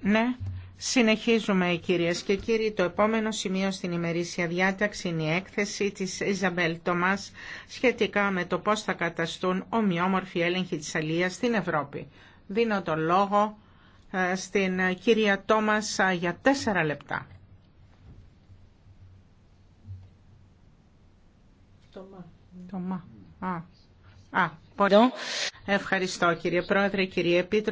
Ναι, συνεχίζουμε κυρίες και κύριοι. Το επόμενο σημείο στην ημερήσια διάταξη είναι η έκθεση της Ιζαμπέλ Τομάς σχετικά με το πώς θα καταστούν ομοιόμορφοι έλεγχοι της αλίας στην Ευρώπη. Δίνω τον λόγο ε, στην κυρία Τόμας ε, για τέσσερα λεπτά. Ευχαριστώ κύριε Πρόεδρε, κύριε Επίτροπε.